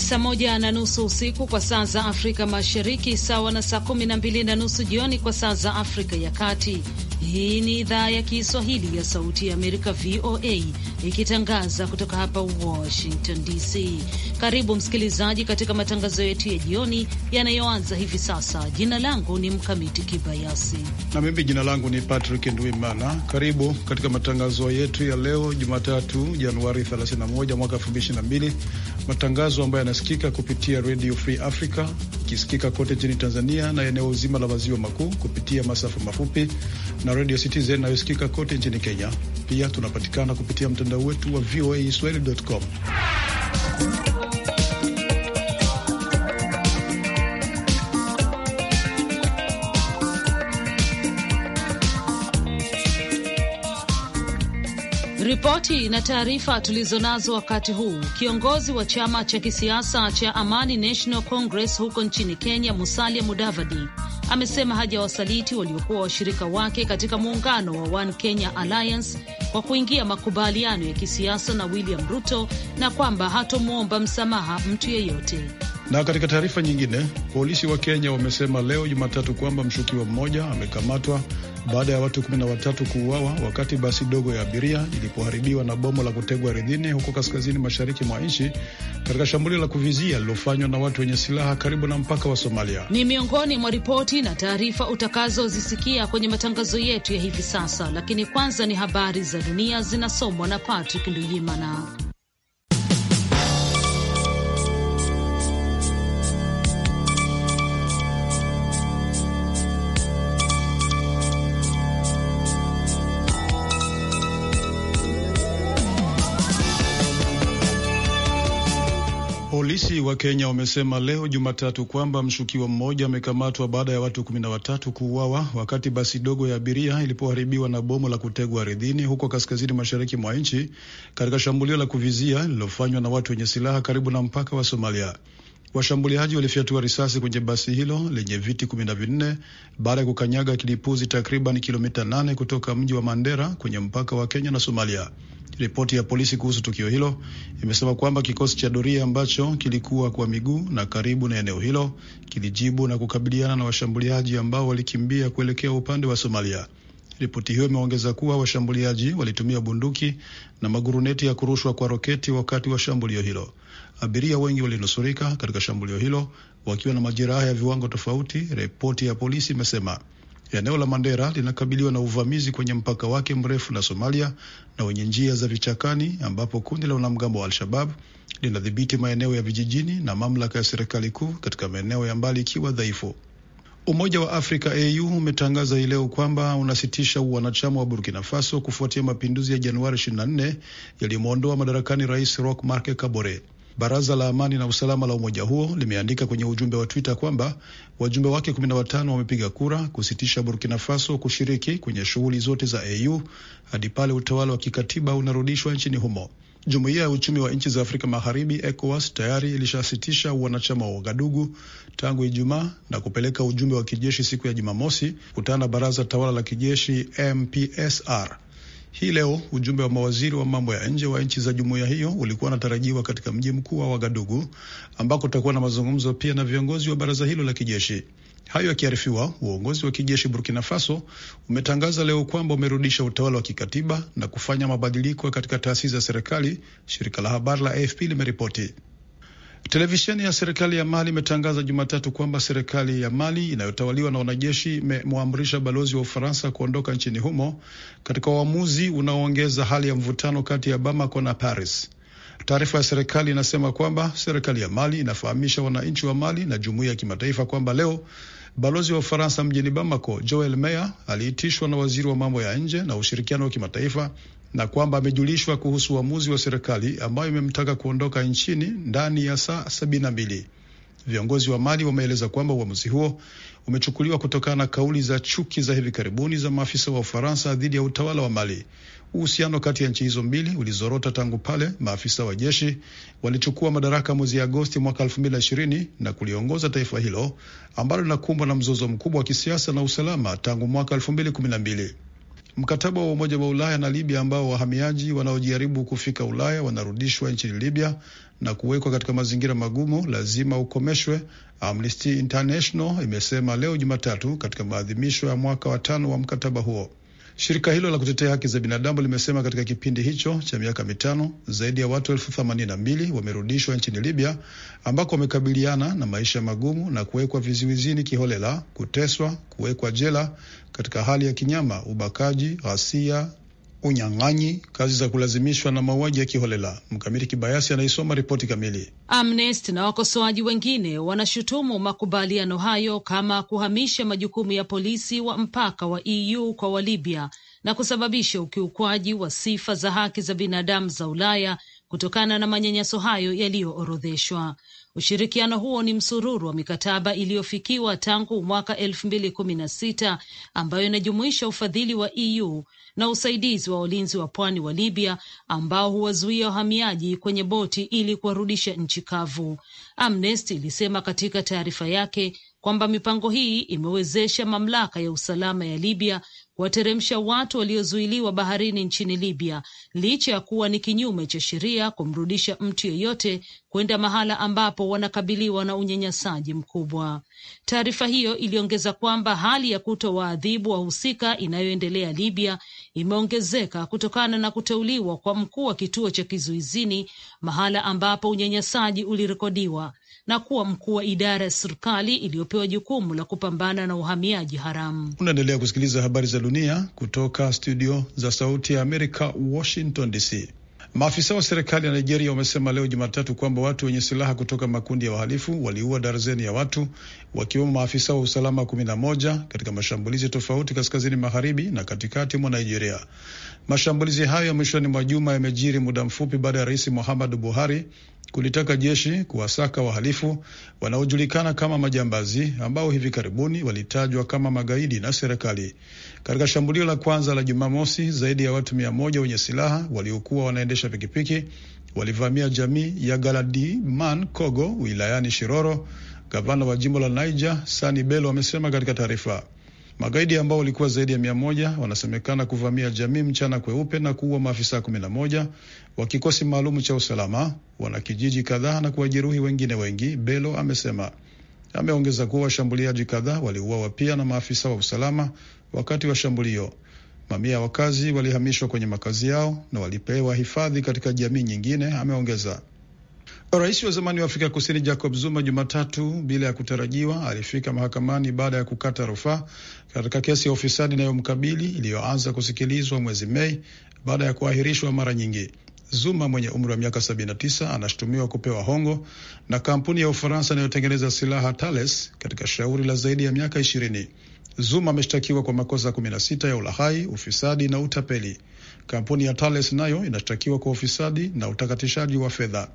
saa moja na nusu usiku kwa saa za Afrika Mashariki, sawa na saa kumi na mbili na nusu jioni kwa saa za Afrika ya Kati. Hii ni idhaa ya Kiswahili ya Sauti ya Amerika, VOA, ikitangaza kutoka hapa Washington DC. Karibu msikilizaji, katika matangazo yetu ya jioni yanayoanza hivi sasa. Jina langu ni Mkamiti Kibayasi na mimi jina langu ni Patrick Ndwimana. Karibu katika matangazo yetu ya leo Jumatatu, Januari 31 mwaka 2022 matangazo ambayo yanasikika kupitia Radio Free Africa ikisikika kote nchini Tanzania na eneo zima la maziwa makuu kupitia masafa mafupi na Radio Citizen inayosikika kote nchini Kenya. Pia tunapatikana kupitia mtandao wetu wa VOA swahili.com. Ripoti na taarifa tulizonazo wakati huu, kiongozi wa chama cha kisiasa cha Amani National Congress huko nchini Kenya, Musalia Mudavadi amesema hajawasaliti waliokuwa washirika wake katika muungano wa One Kenya Alliance kwa kuingia makubaliano ya kisiasa na William Ruto na kwamba hatomwomba msamaha mtu yeyote. Na katika taarifa nyingine, polisi wa Kenya wamesema leo Jumatatu kwamba mshukiwa mmoja amekamatwa baada ya watu 13 kuuawa wakati basi dogo ya abiria ilipoharibiwa na bomo la kutegwa ardhini huko kaskazini mashariki mwa nchi katika shambulio la kuvizia lililofanywa na watu wenye silaha karibu na mpaka wa Somalia. Ni miongoni mwa ripoti na taarifa utakazozisikia kwenye matangazo yetu ya hivi sasa, lakini kwanza ni habari za dunia zinasomwa na Patrick Nduyimana. wa Kenya wamesema leo Jumatatu kwamba mshukiwa mmoja amekamatwa baada ya watu kumi na watatu kuuawa wakati basi dogo ya abiria ilipoharibiwa na bomu la kutegwa ardhini huko kaskazini mashariki mwa nchi katika shambulio la kuvizia lililofanywa na watu wenye silaha karibu na mpaka wa Somalia. Washambuliaji walifyatua risasi kwenye basi hilo lenye viti kumi na vinne baada ya kukanyaga kilipuzi takriban kilomita nane kutoka mji wa Mandera kwenye mpaka wa Kenya na Somalia. Ripoti ya polisi kuhusu tukio hilo imesema kwamba kikosi cha doria ambacho kilikuwa kwa miguu na karibu na eneo hilo kilijibu na kukabiliana na washambuliaji ambao walikimbia kuelekea upande wa Somalia. Ripoti hiyo imeongeza kuwa washambuliaji walitumia bunduki na maguruneti ya kurushwa kwa roketi wakati wa shambulio hilo. Abiria wengi walinusurika katika shambulio hilo wakiwa na majeraha ya viwango tofauti, ripoti ya polisi imesema. Eneo la Mandera linakabiliwa na uvamizi kwenye mpaka wake mrefu na Somalia na wenye njia za vichakani, ambapo kundi la wanamgambo wa Al-Shabab linadhibiti maeneo ya vijijini na mamlaka ya serikali kuu katika maeneo ya mbali ikiwa dhaifu. Umoja wa Afrika AU umetangaza hii leo kwamba unasitisha uwanachama wa Burkina Faso kufuatia mapinduzi ya Januari 24 yaliyomwondoa madarakani Rais Roch Marc Kabore. Baraza la Amani na Usalama la umoja huo limeandika kwenye ujumbe wa Twitter kwamba wajumbe wake 15 wamepiga kura kusitisha Burkina Faso kushiriki kwenye shughuli zote za AU hadi pale utawala wa kikatiba unarudishwa nchini humo. Jumuiya ya uchumi wa nchi za Afrika Magharibi, ECOWAS, tayari ilishasitisha wanachama wa Wagadugu tangu Ijumaa na kupeleka ujumbe wa kijeshi siku ya Jumamosi kutana na baraza tawala la kijeshi MPSR. Hii leo ujumbe wa mawaziri wa mambo ya nje wa nchi za jumuiya hiyo ulikuwa unatarajiwa katika mji mkuu wa Wagadugu ambako utakuwa na mazungumzo pia na viongozi wa baraza hilo la kijeshi. Hayo yakiarifiwa, uongozi wa kijeshi Burkina Faso umetangaza leo kwamba umerudisha utawala wa kikatiba na kufanya mabadiliko katika taasisi za serikali, shirika la habari la AFP limeripoti. Televisheni ya serikali ya Mali imetangaza Jumatatu kwamba serikali ya Mali inayotawaliwa na wanajeshi imemwamrisha balozi wa Ufaransa kuondoka nchini humo katika uamuzi unaoongeza hali ya mvutano kati ya Bamako na Paris. Taarifa ya serikali inasema kwamba serikali ya Mali inafahamisha wananchi wa Mali na jumuiya ya kimataifa kwamba leo Balozi wa Ufaransa mjini Bamako, Joel Meyer, aliitishwa na waziri wa mambo ya nje na ushirikiano wa kimataifa na kwamba amejulishwa kuhusu uamuzi wa serikali ambayo imemtaka kuondoka nchini ndani ya saa sabini na mbili. Viongozi wa Mali wameeleza kwamba uamuzi huo umechukuliwa kutokana na kauli za chuki za hivi karibuni za maafisa wa Ufaransa dhidi ya utawala wa Mali. Uhusiano kati ya nchi hizo mbili ulizorota tangu pale maafisa wa jeshi walichukua madaraka mwezi Agosti mwaka 2020 na kuliongoza taifa hilo ambalo linakumbwa na mzozo mkubwa wa kisiasa na usalama tangu mwaka 2012. Mkataba wa Umoja wa Ulaya na Libya ambao wahamiaji wanaojaribu kufika Ulaya wanarudishwa nchini Libya na kuwekwa katika mazingira magumu lazima ukomeshwe, Amnesty International imesema leo Jumatatu katika maadhimisho ya mwaka wa tano wa mkataba huo. Shirika hilo la kutetea haki za binadamu limesema katika kipindi hicho cha miaka mitano zaidi ya watu elfu themanini na mbili wamerudishwa nchini Libya ambako wamekabiliana na maisha magumu na kuwekwa vizuizini kiholela, kuteswa, kuwekwa jela katika hali ya kinyama, ubakaji, ghasia, unyang'anyi, kazi za kulazimishwa na mauaji ya kiholela. Mkamiti Kibayasi anaisoma ripoti kamili. Amnesty na wakosoaji wengine wanashutumu makubaliano hayo kama kuhamisha majukumu ya polisi wa mpaka wa EU kwa Walibya na kusababisha ukiukwaji wa sifa za haki za binadamu za Ulaya kutokana na manyanyaso hayo yaliyoorodheshwa. Ushirikiano huo ni msururu wa mikataba iliyofikiwa tangu mwaka elfu mbili kumi na sita ambayo inajumuisha ufadhili wa EU na usaidizi wa walinzi wa pwani wa Libya ambao huwazuia wahamiaji kwenye boti ili kuwarudisha nchi kavu. Amnesty ilisema katika taarifa yake kwamba mipango hii imewezesha mamlaka ya usalama ya Libya kuwateremsha watu waliozuiliwa baharini nchini Libya, licha ya kuwa ni kinyume cha sheria kumrudisha mtu yeyote kwenda mahala ambapo wanakabiliwa na unyanyasaji mkubwa. Taarifa hiyo iliongeza kwamba hali ya kutowaadhibu wahusika inayoendelea Libya imeongezeka kutokana na kuteuliwa kwa mkuu wa kituo cha kizuizini, mahala ambapo unyanyasaji ulirekodiwa, na kuwa mkuu wa idara ya serikali iliyopewa jukumu la kupambana na uhamiaji haramu. Unaendelea kusikiliza habari za dunia kutoka studio za Sauti ya Amerika, Washington DC. Maafisa wa serikali ya Nigeria wamesema leo Jumatatu kwamba watu wenye silaha kutoka makundi ya wahalifu waliua darzeni ya watu wakiwemo maafisa wa usalama moja katika mashambulizi tofauti kaskazini magharibi na katikati mwa Nigeria. Mashambulizi hayo ya mwishoni mwa juma yamejiri muda mfupi baada ya Rais Muhammadu Buhari kulitaka jeshi kuwasaka wahalifu wanaojulikana kama majambazi ambao hivi karibuni walitajwa kama magaidi na serikali. Katika shambulio la kwanza la Jumamosi, zaidi ya watu mia moja wenye silaha waliokuwa wanaendesha pikipiki walivamia jamii ya Galadiman Kogo wilayani Shiroro. Gavana wa jimbo la Niger Sani Bello amesema katika taarifa Magaidi ambao walikuwa zaidi ya mia moja wanasemekana kuvamia jamii mchana kweupe na kuua maafisa kumi na moja wa kikosi maalum cha usalama, wana kijiji kadhaa na kuwajeruhi wengine wengi, Belo amesema. Ameongeza kuwa washambuliaji kadhaa waliuawa pia na maafisa wa usalama wakati wa shambulio. Mamia ya wakazi walihamishwa kwenye makazi yao na walipewa hifadhi katika jamii nyingine, ameongeza. Rais wa zamani wa Afrika Kusini Jacob Zuma Jumatatu, bila ya kutarajiwa, alifika mahakamani baada ya kukata rufaa katika kesi ya ufisadi inayomkabili iliyoanza kusikilizwa mwezi Mei baada ya kuahirishwa mara nyingi. Zuma mwenye umri wa miaka 79 anashutumiwa kupewa hongo na kampuni ya Ufaransa inayotengeneza silaha Thales katika shauri la zaidi ya miaka ishirini. Zuma ameshtakiwa kwa makosa 16 ya ulahai, ufisadi na utapeli. Kampuni ya Thales nayo inashtakiwa kwa ufisadi na utakatishaji wa fedha.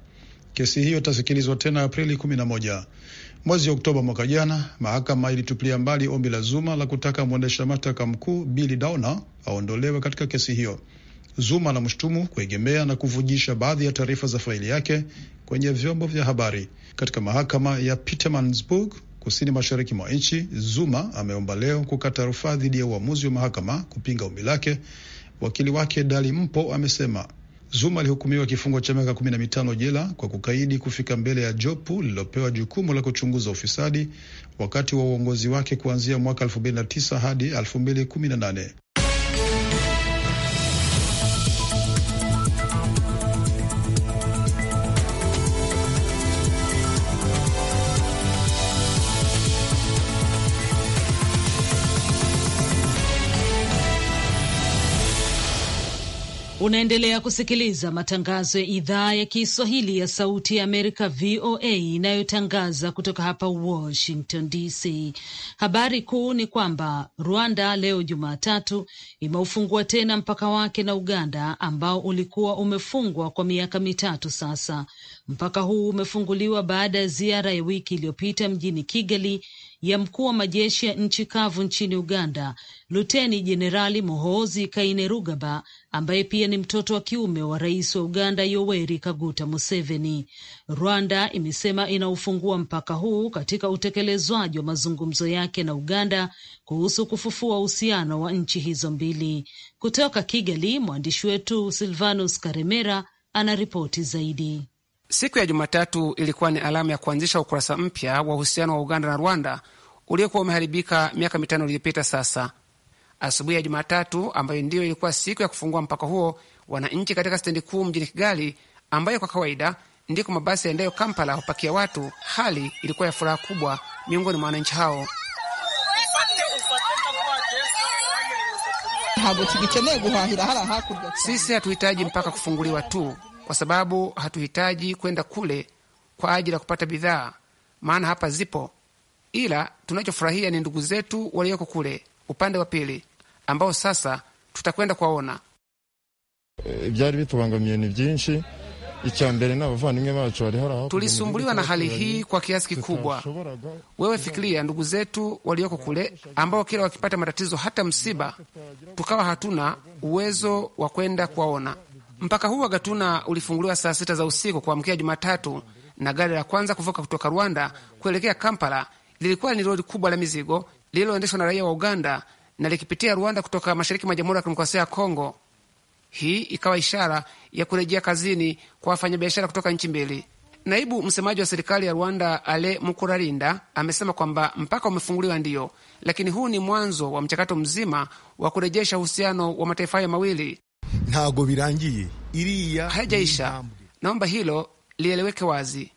Kesi hiyo itasikilizwa tena Aprili kumi na moja. Mwezi Oktoba mwaka jana, mahakama ilitupilia mbali ombi la Zuma la kutaka mwendesha mashtaka mkuu Bili Dauna aondolewe katika kesi hiyo. Zuma anamshutumu kuegemea na kuvujisha baadhi ya taarifa za faili yake kwenye vyombo vya habari. Katika mahakama ya Pietermaritzburg kusini mashariki mwa nchi, Zuma ameomba leo kukata rufaa dhidi ya uamuzi wa mahakama kupinga ombi lake. Wakili wake Dali Mpo amesema Zuma alihukumiwa kifungo cha miaka kumi na mitano jela kwa kukaidi kufika mbele ya jopo lililopewa jukumu la kuchunguza ufisadi wakati wa uongozi wake kuanzia mwaka 2009 hadi 2018. Unaendelea kusikiliza matangazo ya idhaa ya Kiswahili ya Sauti ya Amerika, VOA, inayotangaza kutoka hapa Washington DC. Habari kuu ni kwamba Rwanda leo Jumatatu imeufungua tena mpaka wake na Uganda ambao ulikuwa umefungwa kwa miaka mitatu sasa. Mpaka huu umefunguliwa baada ya ziara ya wiki iliyopita mjini Kigali ya mkuu wa majeshi ya nchi kavu nchini Uganda, Luteni Jenerali Muhoozi Kainerugaba ambaye pia ni mtoto wa kiume wa rais wa Uganda Yoweri Kaguta Museveni. Rwanda imesema inaufungua mpaka huu katika utekelezwaji wa mazungumzo yake na Uganda kuhusu kufufua uhusiano wa nchi hizo mbili. Kutoka Kigali, mwandishi wetu Silvanus Karemera ana ripoti zaidi. Siku ya Jumatatu ilikuwa ni alama ya kuanzisha ukurasa mpya wa uhusiano wa Uganda na Rwanda uliokuwa umeharibika miaka mitano iliyopita sasa Asubuhi ya Jumatatu, ambayo ndiyo ilikuwa siku ya kufungua mpaka huo, wananchi katika stendi kuu mjini Kigali, ambayo kwa kawaida ndiko mabasi yaendayo Kampala hupakia watu, hali ilikuwa ya furaha kubwa miongoni mwa wananchi hao. Sisi hatuhitaji mpaka kufunguliwa tu, kwa sababu hatuhitaji kwenda kule kwa ajili ya kupata bidhaa, maana hapa zipo. Ila tunachofurahia ni ndugu zetu walioko kule upande wa pili, ambao sasa tutakwenda kuwaona. Vyari eh, bitubangamiye ni vyinshi Tulisumbuliwa na hali hii kwa kiasi kikubwa. Wewe fikiria ndugu zetu walioko kule ambao kila wakipata matatizo, hata msiba, tukawa hatuna uwezo wa kwenda kuwaona. Mpaka huu wa Gatuna ulifunguliwa saa sita za usiku kuamkia Jumatatu, na gari la kwanza kuvuka kutoka Rwanda kuelekea Kampala lilikuwa ni lori kubwa la mizigo lililoendeshwa na raia wa Uganda na likipitia Rwanda kutoka mashariki mwa Jamhuri ya Kidemokrasia ya Kongo. Hii ikawa ishara ya kurejea kazini kwa wafanyabiashara kutoka nchi mbili. Naibu msemaji wa serikali ya Rwanda Ale Mukurarinda amesema kwamba mpaka umefunguliwa ndiyo, lakini huu ni mwanzo wa mchakato mzima wa kurejesha uhusiano wa mataifa hayo mawili. Ntago birangiye iriya hayajaisha. Naomba hilo lieleweke wazi.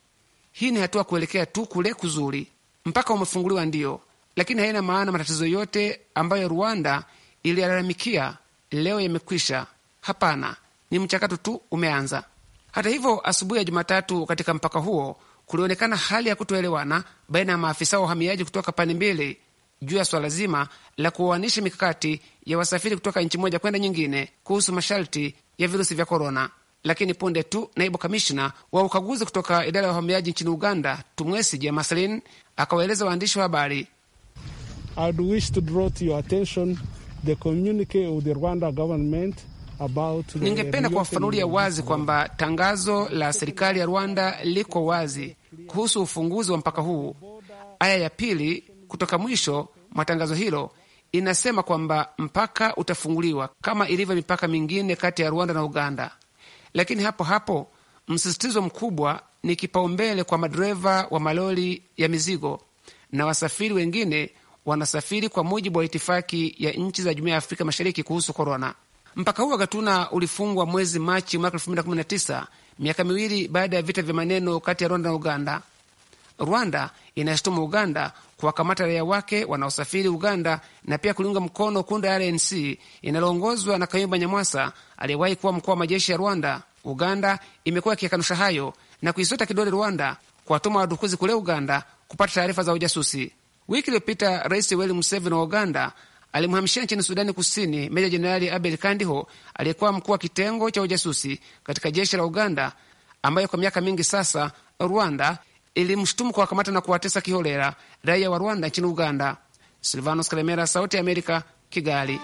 Hii ni hatua kuelekea tu kule kuzuri. Mpaka umefunguliwa ndiyo, lakini haina maana matatizo yote ambayo Rwanda iliyalalamikia leo yamekwisha. Hapana, ni mchakato tu umeanza. Hata hivyo, asubuhi ya Jumatatu katika mpaka huo kulionekana hali ya kutoelewana baina ya maafisa wa uhamiaji kutoka pande mbili juu ya swala zima la kuoanisha mikakati ya wasafiri kutoka nchi moja kwenda nyingine kuhusu masharti ya virusi vya korona. Lakini punde tu naibu kamishna wa ukaguzi kutoka idara ya uhamiaji nchini Uganda, Tumwesije Maselin, akawaeleza waandishi wa habari I'd wish to draw to your attention the communique of the Rwanda government about. Ningependa kuwafanulia wazi kwamba tangazo la serikali ya Rwanda liko wazi kuhusu ufunguzi wa mpaka huu. Aya ya pili kutoka mwisho mwa tangazo hilo inasema kwamba mpaka utafunguliwa kama ilivyo mipaka mingine kati ya Rwanda na Uganda, lakini hapo hapo msisitizo mkubwa ni kipaumbele kwa madereva wa malori ya mizigo na wasafiri wengine wanasafiri kwa mujibu wa itifaki ya nchi za Jumuiya ya Afrika Mashariki kuhusu korona. Mpaka huo Gatuna ulifungwa mwezi Machi mwaka 2019 miaka miwili baada ya vita vya maneno kati ya Rwanda na Uganda. Rwanda inashutumu Uganda kuwakamata raia wake wanaosafiri Uganda na pia kuliunga mkono kundi la RNC inaloongozwa na Kayumba Nyamwasa aliyewahi kuwa mkuu wa majeshi ya Rwanda. Uganda imekuwa ikiyakanusha hayo na kuisota kidole Rwanda kuwatuma wadukuzi kule Uganda kupata taarifa za ujasusi. Wiki iliyopita Rais Yoweri Museveni wa Uganda alimhamishia nchini Sudani Kusini Meja Jenerali Abel Kandiho aliyekuwa mkuu wa kitengo cha ujasusi katika jeshi la Uganda, ambayo kwa miaka mingi sasa Rwanda ilimshutumu kwa wakamata na kuwatesa kiholela raia wa Rwanda nchini Uganda. Silvanos Kalemera, Sauti ya Amerika, Kigali.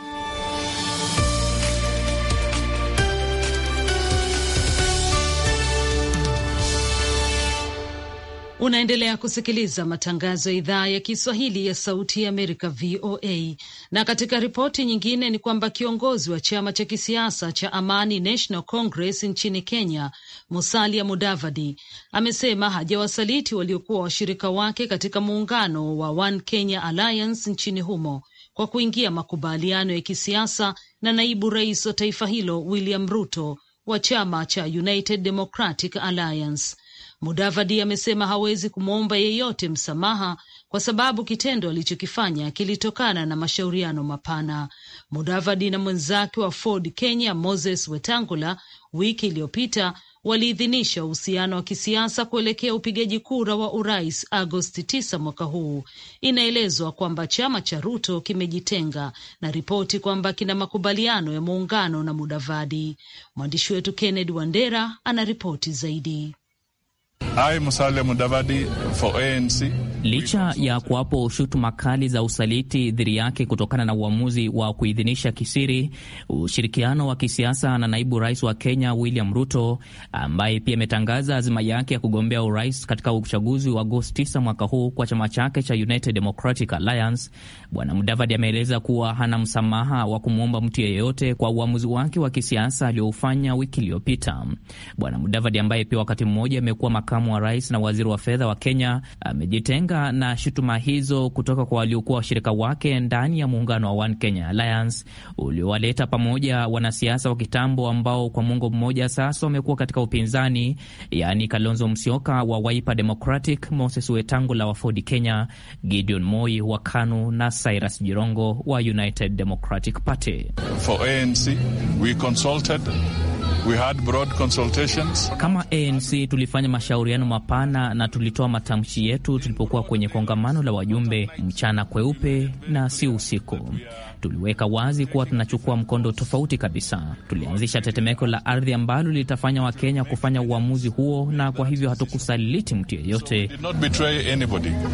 Unaendelea kusikiliza matangazo ya idhaa ya Kiswahili ya Sauti ya Amerika, VOA. Na katika ripoti nyingine ni kwamba kiongozi wa chama cha kisiasa cha Amani National Congress nchini Kenya, Musalia Mudavadi, amesema hajawasaliti waliokuwa washirika wake katika muungano wa One Kenya Alliance nchini humo kwa kuingia makubaliano ya kisiasa na naibu rais wa taifa hilo William Ruto wa chama cha United Democratic Alliance. Mudavadi amesema hawezi kumwomba yeyote msamaha kwa sababu kitendo alichokifanya kilitokana na mashauriano mapana. Mudavadi na mwenzake wa Ford Kenya Moses Wetangula wiki iliyopita waliidhinisha uhusiano wa kisiasa kuelekea upigaji kura wa urais Agosti 9 mwaka huu. Inaelezwa kwamba chama cha Ruto kimejitenga na ripoti kwamba kina makubaliano ya muungano na Mudavadi. Mwandishi wetu Kennedy Wandera ana ripoti zaidi. Licha ya kuwapo shutuma kali za usaliti dhidi yake kutokana na uamuzi wa kuidhinisha kisiri ushirikiano wa kisiasa na naibu rais wa Kenya William Ruto, ambaye pia ametangaza azima yake ya kugombea urais katika uchaguzi wa Agosti 9 mwaka huu kwa chama chake cha United Democratic Alliance, Bwana Mudavadi ameeleza kuwa hana msamaha wa kumwomba mtu yeyote kwa uamuzi wake wa kisiasa alioufanya wiki iliyopita. Bwana Mudavadi ambaye pia wakati mmoja amekuwa makamu wa rais na waziri wa fedha wa Kenya amejitenga na shutuma hizo kutoka kwa waliokuwa washirika wake ndani ya muungano wa One Kenya Alliance uliowaleta pamoja wanasiasa wa kitambo ambao kwa mwongo mmoja sasa wamekuwa katika upinzani, yaani Kalonzo Musyoka wa Wiper Democratic, Moses Wetangula wa Ford Kenya, Gideon Moi wa KANU na Cyrus Jirongo wa United Democratic Party. For ANC, we consulted, we had broad consultations. Kama ANC tulifanya mashauri mashauriano mapana na tulitoa matamshi yetu tulipokuwa kwenye kongamano la wajumbe, mchana kweupe na si usiku. Tuliweka wazi kuwa tunachukua mkondo tofauti kabisa. Tulianzisha tetemeko la ardhi ambalo litafanya Wakenya kufanya uamuzi huo, na kwa hivyo hatukusaliti mtu yeyote.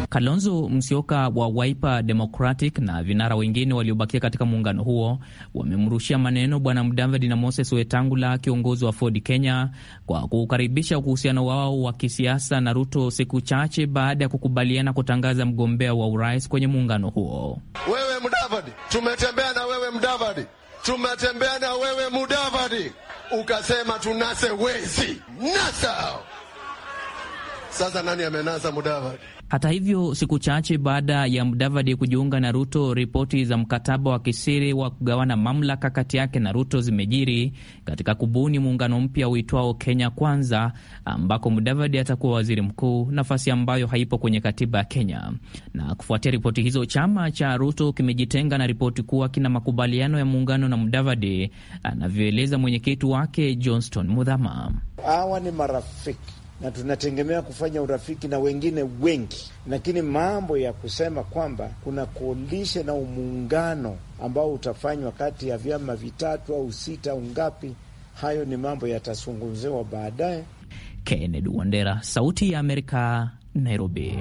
Kalonzo Musyoka wa Wiper Democratic na vinara wengine waliobakia katika muungano huo wamemrushia maneno Bwana Mudavadi na Moses Wetangula, kiongozi wa Ford Kenya, kwa kukaribisha uhusiano wao wa kisiasa na Ruto siku chache baada ya kukubaliana kutangaza mgombea wa urais kwenye muungano huo. Wewe Mudavadi, tume tumetembea na wewe mdavadi tumetembea na wewe Mudavadi, ukasema tunase wezi nasa. Sasa nani amenasa Mudavadi? Hata hivyo, siku chache baada ya Mdavadi kujiunga na Ruto, ripoti za mkataba wa kisiri wa kugawana mamlaka kati yake na Ruto zimejiri katika kubuni muungano mpya uitwao Kenya Kwanza, ambako mdavadi atakuwa waziri mkuu, nafasi ambayo haipo kwenye katiba ya Kenya. Na kufuatia ripoti hizo, chama cha Ruto kimejitenga na ripoti kuwa kina makubaliano ya muungano na Mdavadi, anavyoeleza mwenyekiti wake Johnston Mudhama. Hawa ni marafiki na tunategemea kufanya urafiki na wengine wengi, lakini mambo ya kusema kwamba kuna kolishe na umuungano ambao utafanywa kati ya vyama vitatu au sita au ngapi, hayo ni mambo yatazungumziwa baadaye. Kennedy Wandera, Sauti ya Amerika, Nairobi.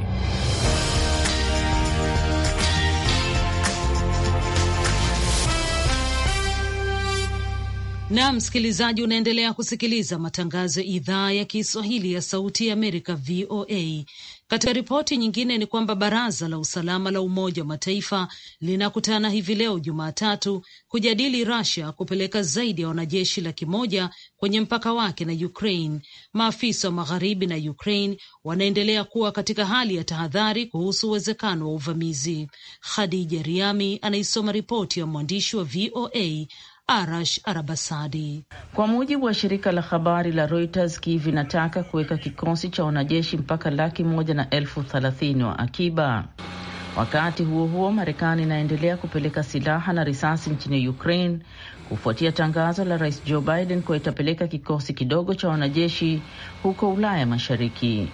na msikilizaji, unaendelea kusikiliza matangazo ya idhaa ya Kiswahili ya Sauti ya Amerika, VOA. Katika ripoti nyingine ni kwamba baraza la usalama la Umoja wa Mataifa linakutana hivi leo Jumatatu kujadili rasia kupeleka zaidi ya wanajeshi laki moja kwenye mpaka wake na Ukraine. Maafisa wa magharibi na Ukraine wanaendelea kuwa katika hali ya tahadhari kuhusu uwezekano wa uvamizi. Khadija Riami anaisoma ripoti ya mwandishi wa VOA Arash Arabasadi. Kwa mujibu wa shirika la habari la Reuters, Kiev inataka kuweka kikosi cha wanajeshi mpaka laki moja na elfu thelathini wa akiba. Wakati huo huo, Marekani inaendelea kupeleka silaha na risasi nchini Ukraine kufuatia tangazo la Rais Joe Biden kuwa itapeleka kikosi kidogo cha wanajeshi huko Ulaya Mashariki.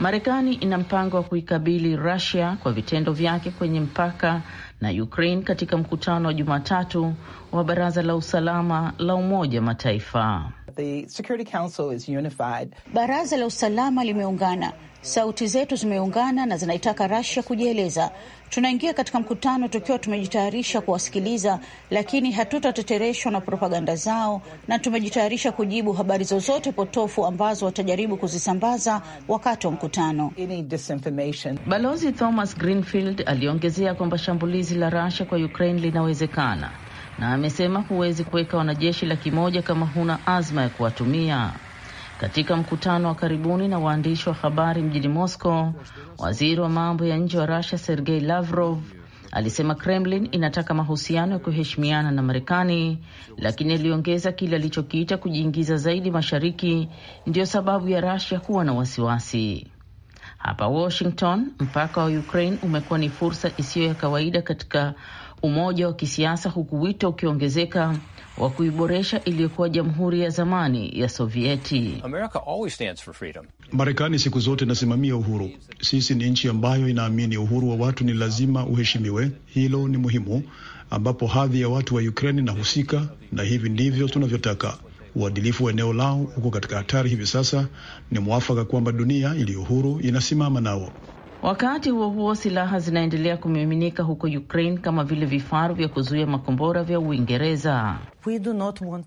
Marekani ina mpango wa kuikabili rusia kwa vitendo vyake kwenye mpaka na Ukraine katika mkutano wa Jumatatu wa Baraza la Usalama la Umoja Mataifa. The Security Council is unified. Baraza la Usalama limeungana, sauti zetu zimeungana na zinaitaka Russia kujieleza Tunaingia katika mkutano tukiwa tumejitayarisha kuwasikiliza, lakini hatutatetereshwa na propaganda zao, na tumejitayarisha kujibu habari zozote potofu ambazo watajaribu kuzisambaza wakati wa mkutano. Balozi Thomas Greenfield aliongezea kwamba shambulizi la Russia kwa Ukraine linawezekana, na amesema huwezi kuweka wanajeshi laki moja kama huna azma ya kuwatumia. Katika mkutano wa karibuni na waandishi wa habari mjini Moscow, waziri wa mambo ya nje wa Rusia Sergei Lavrov alisema Kremlin inataka mahusiano ya kuheshimiana na Marekani, lakini aliongeza kile alichokiita kujiingiza zaidi mashariki ndiyo sababu ya rasia kuwa na wasiwasi. Hapa Washington, mpaka wa Ukraine umekuwa ni fursa isiyo ya kawaida katika umoja wa kisiasa, huku wito ukiongezeka wa kuiboresha iliyokuwa jamhuri ya zamani ya Sovieti. Marekani siku zote inasimamia uhuru. Sisi ni nchi ambayo inaamini uhuru wa watu ni lazima uheshimiwe, hilo ni muhimu, ambapo hadhi ya watu wa Ukraini inahusika, na hivi ndivyo tunavyotaka. Uadilifu wa eneo lao uko katika hatari hivi sasa, ni mwafaka kwamba dunia iliyo huru inasimama nao. Wakati huo huo, silaha zinaendelea kumiminika huko Ukraine kama vile vifaru vya kuzuia makombora vya Uingereza.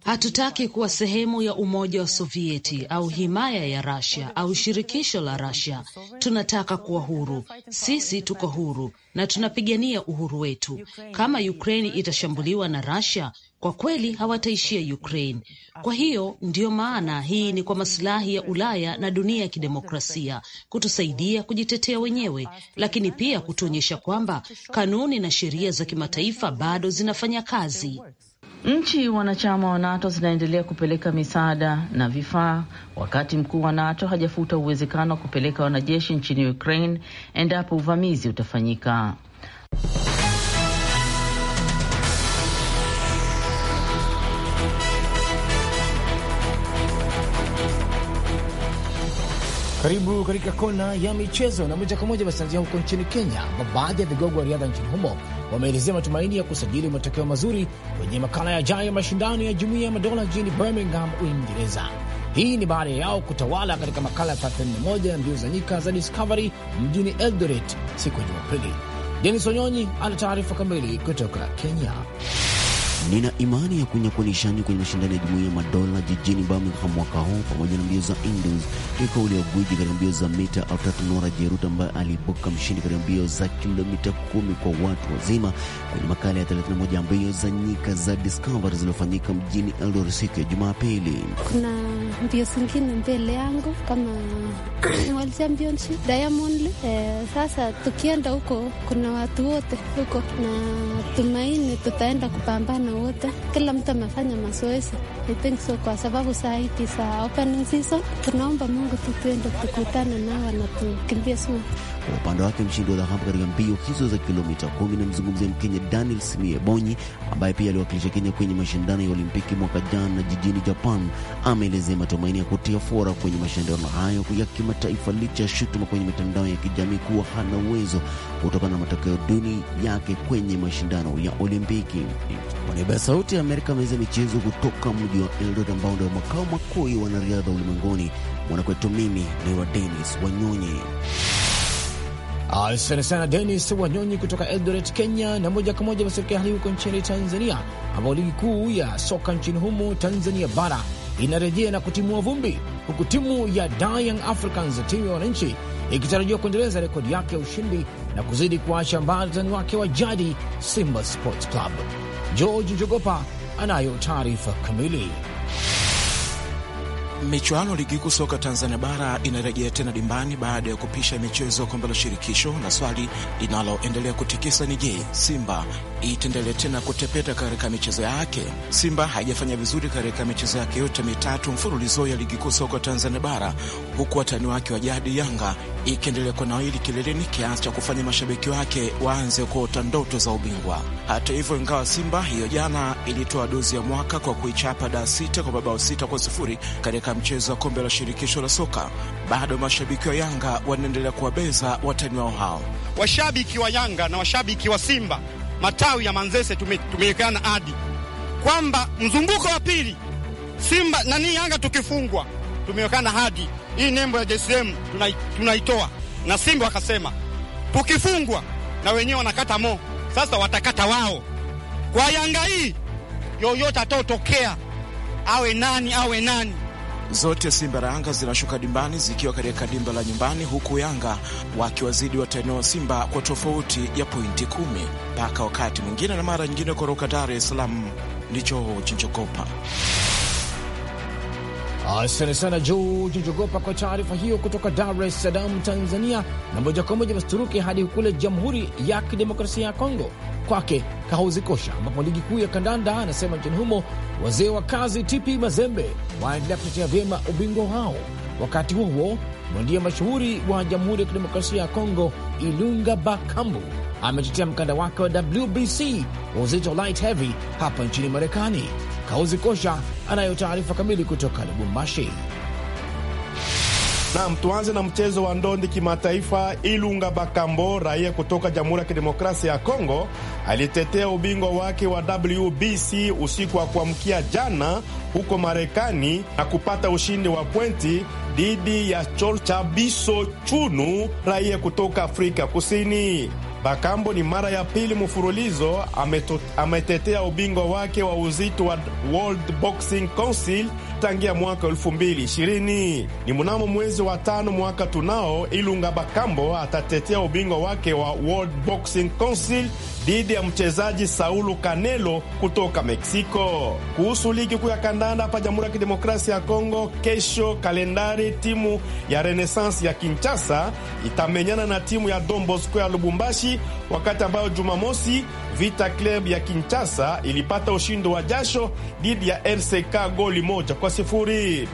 Hatutaki kuwa sehemu ya Umoja wa Sovieti au himaya ya Rasia au shirikisho la Rasia. Tunataka kuwa huru. Sisi tuko huru na tunapigania uhuru wetu. Kama Ukraini itashambuliwa na Rasia, kwa kweli hawataishia Ukraine. Kwa hiyo ndiyo maana hii ni kwa masilahi ya Ulaya na dunia ya kidemokrasia kutusaidia kujitetea wenyewe, lakini pia kutuonyesha kwamba kanuni na sheria za kimataifa bado zinafanya kazi. Nchi wanachama wa NATO zinaendelea kupeleka misaada na vifaa, wakati mkuu wa NATO hajafuta uwezekano wa kupeleka wanajeshi nchini Ukraine endapo uvamizi utafanyika. Karibu katika kona ya michezo na moja kwa moja basi, huko nchini Kenya, ambapo baadhi ya vigogo wa riadha nchini humo wameelezea matumaini ya kusajili matokeo mazuri kwenye makala yajayo ya mashindano ya jumuiya ya madola jijini Birmingham, Uingereza. Hii ni baada yao kutawala katika makala ya 31 ya mbio za nyika za Discovery mjini Eldoret siku ya Jumapili. Denis Onyonyi ana taarifa kamili kutoka Kenya. Nina imani ya kunyakua nishani kwenye mashindano ya Jumuiya ya Madola jijini Birmingham mwaka huu pamoja na mbio za indoors. Kauli ya gwiji katika mbio za mita elfu tatu Nora jerut ambaye aliibuka mshindi katika mbio za kilomita kumi kwa watu wazima kwenye makala ya 31 ya mbio za nyika za Discovery zilizofanyika mjini Eldoret siku ya Jumapili. Kuna mbio zingine mbele yangu kama World Championship, Diamond eh. Sasa tukienda huko kuna watu wote huko, na tumaini tutaenda kupambana wote, kila mtu amefanya mazoezi I think so, kwa sababu saa hizi za opening season, tunaomba Mungu tu tuende tukutane nao na tukimbie suma kwa upande wake mshindi wa dhahabu katika mbio hizo za kilomita kumi na mzungumzia Mkenya Daniel Simie Bonyi ambaye pia aliwakilisha Kenya kwenye mashindano ya Olimpiki mwaka jana jijini Japan, ameelezea matumaini ya kutia fora kwenye mashindano hayo ya kimataifa licha ya shutuma kwenye mitandao ya kijamii kuwa hana uwezo kutokana na matokeo duni yake kwenye mashindano ya Olimpiki. Kwa niaba ya Sauti ya Amerika, ameweza michezo kutoka mji wa Eldoret ambao ndio makao makuu ya wanariadha ulimwenguni. Mwanakwetu mimi ni wa Denis Wanyonyi. Asante sana Denis Wanyonyi kutoka Eldoret, Kenya. Na moja kwa moja basi hali huko nchini Tanzania, ambapo ligi kuu ya soka nchini humo Tanzania bara inarejea na kutimua vumbi, huku timu ya Young Africans, timu ya wananchi, ikitarajiwa kuendeleza rekodi yake ya ushindi na kuzidi kuacha mbali tani wake wa jadi Simba Sports Club. George Njogopa anayo taarifa kamili. Michuano ligi kuu soka Tanzania bara inarejea tena dimbani baada ya kupisha michezo ya kombe la shirikisho, na swali linaloendelea kutikisa ni je, Simba itendelee tena kutepeta katika michezo yake. Simba haijafanya vizuri katika michezo yake yote mitatu mfululizo ya ligi kuu soka Tanzania bara, huku watani wake wa jadi Yanga ikiendelea nawili kileleni kiasi cha kufanya mashabiki wake waanze kuota ndoto za ubingwa. Hata hivyo, ingawa Simba hiyo jana ilitoa dozi ya mwaka kwa kuichapa Dar sita kwa mabao sita kwa sifuri katika mchezo wa kombe la shirikisho la soka, bado mashabiki wa Yanga wanaendelea kuwabeza watani wao hao. Washabiki wa Yanga na washabiki wa Simba matawi ya Manzese tumeekana hadi kwamba mzunguko wa pili Simba nani Yanga tukifungwa tumewekana hadi hii nembo ya JSM tunaitoa, na Simba wakasema tukifungwa na wenyewe wanakata mo. Sasa watakata wao kwa Yanga hii, yoyote ataotokea awe nani awe nani, Zote Simba na Yanga zinashuka dimbani zikiwa katika dimba la nyumbani, huku Yanga wakiwazidi watani Simba kwa tofauti ya pointi kumi mpaka wakati mwingine na mara nyingine. Kutoka Dar es Salaam ndicho chinchokopa Asante sana George Jogopa kwa taarifa hiyo kutoka Dar es Salaam, Tanzania. Na moja kwa moja basi turuke hadi kule Jamhuri ya Kidemokrasia ya Kongo, kwake Kahozi Kosha, ambapo ligi kuu ya kandanda anasema nchini humo wazee wa kazi TP Mazembe waendelea kutetea vyema ubingwa wao. Wakati huo huo, mwandia mashuhuri wa Jamhuri ya Kidemokrasia ya Kongo Ilunga Bakambu ametetea mkanda wake wa WBC wa uzito light heavy hapa nchini Marekani. Kauzi Kosha anayo taarifa kamili kutoka Lubumbashi. Nam, tuanze na mchezo wa ndondi kimataifa. Ilunga Bakambo, raia kutoka Jamhuri ya Kidemokrasia ya Kongo, alitetea ubingwa wake wa WBC usiku wa kuamkia jana huko Marekani na kupata ushindi wa pwenti dhidi ya Chorchabiso Chunu, raia kutoka Afrika Kusini. Bakambo ni mara ya pili mfululizo ametetea ubingwa wake wa uzito wa World Boxing Council tangia mwaka 2020. Ni mnamo mwezi wa tano mwaka tunao Ilunga Bakambo atatetea ubingwa wake wa World Boxing Council dhidi ya mchezaji Saulu Canelo kutoka Meksiko. Kuhusu ligi kuu ya kandanda hapa Jamhuri ya Kidemokrasia ya Kongo, kesho kalendari, timu ya Renaissance ya Kinshasa itamenyana na timu ya Don Bosco ya Lubumbashi, wakati ambayo Jumamosi Vita Club ya Kinshasa ilipata ushindi wa jasho dhidi ya RCK goli moja kwa sifuri.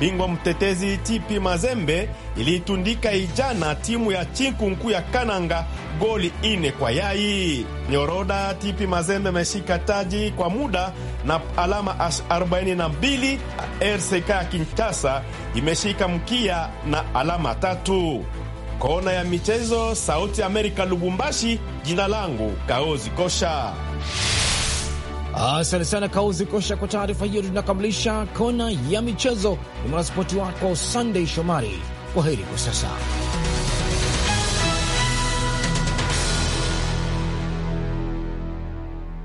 Bingwa mtetezi TP Mazembe iliitundika ijana timu ya Chinkunku ya Kananga goli ine kwa yai. Nyoroda TP Mazembe ameshika taji kwa muda na alama 42. RCK ya Kinshasa imeshika mkia na alama tatu. Kona ya michezo, Sauti Amerika, Lubumbashi. Jina langu Kaozi Kosha. Asante ah, sana Kauzi Kosha kwa taarifa hiyo. Tunakamilisha kona ya michezo na mwanaspoti wako Sunday Shomari. Kwa heri kwa sasa.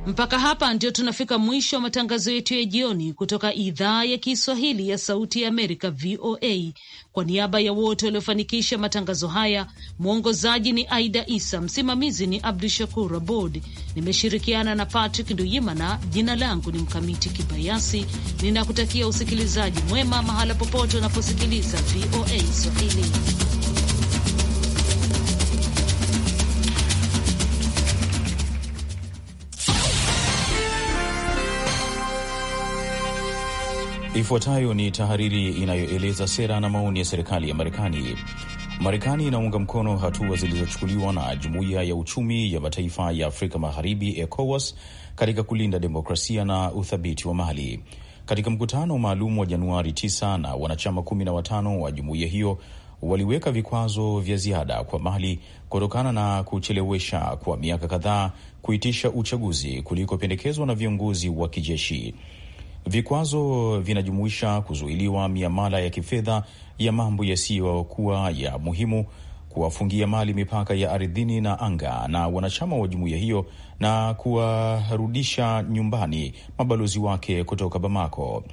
Mpaka hapa ndio tunafika mwisho wa matangazo yetu ya jioni kutoka idhaa ya Kiswahili ya Sauti ya Amerika, VOA. Kwa niaba ya wote waliofanikisha matangazo haya, mwongozaji ni Aida Isa, msimamizi ni Abdu Shakur Abod, nimeshirikiana na Patrick Nduyimana. Jina langu ni Mkamiti Kibayasi, ninakutakia usikilizaji mwema mahala popote unaposikiliza VOA Swahili. Ifuatayo ni tahariri inayoeleza sera na maoni ya serikali ya Marekani. Marekani inaunga mkono hatua zilizochukuliwa na Jumuiya ya Uchumi ya Mataifa ya Afrika Magharibi, ECOWAS, katika kulinda demokrasia na uthabiti wa Mali. Katika mkutano maalum wa Januari 9 na wanachama 15 wa jumuiya hiyo waliweka vikwazo vya ziada kwa Mali kutokana na kuchelewesha kwa miaka kadhaa kuitisha uchaguzi kulikopendekezwa na viongozi wa kijeshi. Vikwazo vinajumuisha kuzuiliwa miamala ya kifedha ya mambo yasiyokuwa ya muhimu, kuwafungia mali mipaka ya ardhini na anga na wanachama wa jumuiya hiyo, na kuwarudisha nyumbani mabalozi wake kutoka Bamako.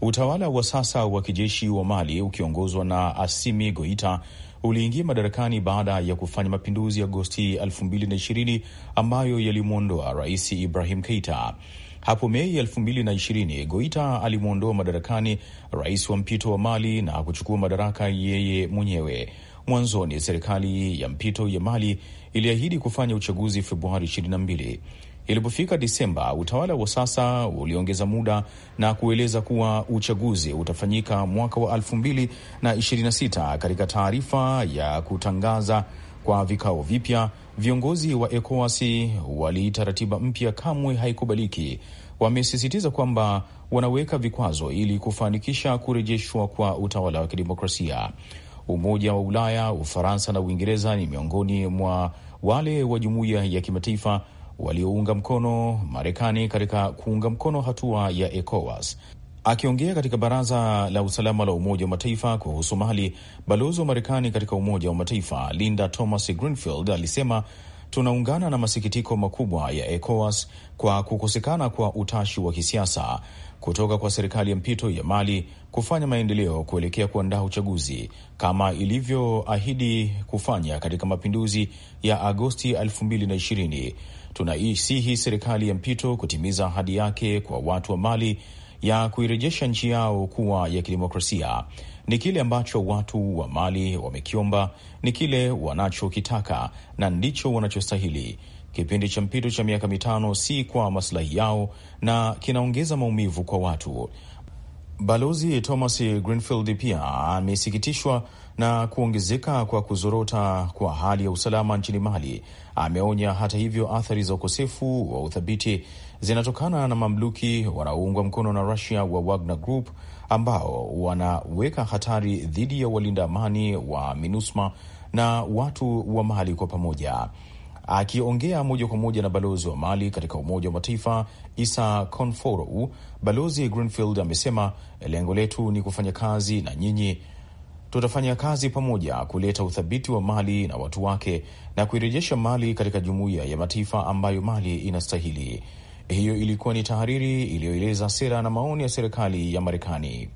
Utawala wa sasa wa kijeshi wa Mali ukiongozwa na Asimi Goita uliingia madarakani baada ya kufanya mapinduzi Agosti 2020 ambayo yalimwondoa Rais Ibrahim Keita. Hapo Mei 2020 Goita alimwondoa madarakani rais wa mpito wa Mali na kuchukua madaraka yeye mwenyewe. Mwanzoni serikali ya mpito ya Mali iliahidi kufanya uchaguzi Februari 22. Ilipofika Disemba, utawala wa sasa uliongeza muda na kueleza kuwa uchaguzi utafanyika mwaka wa 2026 katika taarifa ya kutangaza kwa vikao vipya Viongozi wa ECOWAS waliita ratiba mpya kamwe haikubaliki. Wamesisitiza kwamba wanaweka vikwazo ili kufanikisha kurejeshwa kwa utawala wa kidemokrasia. Umoja wa Ulaya, Ufaransa na Uingereza ni miongoni mwa wale wa jumuiya ya kimataifa waliounga mkono Marekani katika kuunga mkono hatua ya ECOWAS. Akiongea katika Baraza la Usalama la Umoja wa Mataifa kuhusu Mali, balozi wa Marekani katika Umoja wa Mataifa Linda Thomas Greenfield alisema tunaungana na masikitiko makubwa ya ECOWAS kwa kukosekana kwa utashi wa kisiasa kutoka kwa serikali ya mpito ya Mali kufanya maendeleo kuelekea kuandaa uchaguzi kama ilivyoahidi kufanya katika mapinduzi ya Agosti 2020. Tunaisihi serikali ya mpito kutimiza ahadi yake kwa watu wa Mali ya kuirejesha nchi yao kuwa ya kidemokrasia. Ni kile ambacho watu wa Mali wamekiomba, ni kile wanachokitaka na ndicho wanachostahili. Kipindi cha mpito cha miaka mitano si kwa maslahi yao na kinaongeza maumivu kwa watu. Balozi Thomas Greenfield pia amesikitishwa na kuongezeka kwa kuzorota kwa hali ya usalama nchini Mali. Ameonya hata hivyo, athari za ukosefu wa uthabiti zinatokana na mamluki wanaoungwa mkono na Rusia wa Wagner Group ambao wanaweka hatari dhidi ya walinda amani wa MINUSMA na watu wa Mali kwa pamoja. Akiongea moja kwa moja na balozi wa Mali katika Umoja wa Mataifa Isa Konforou, Balozi Greenfield amesema lengo letu ni kufanya kazi na nyinyi tutafanya kazi pamoja kuleta uthabiti wa Mali na watu wake na kuirejesha Mali katika jumuiya ya mataifa ambayo Mali inastahili. Hiyo ilikuwa ni tahariri iliyoeleza sera na maoni ya serikali ya Marekani.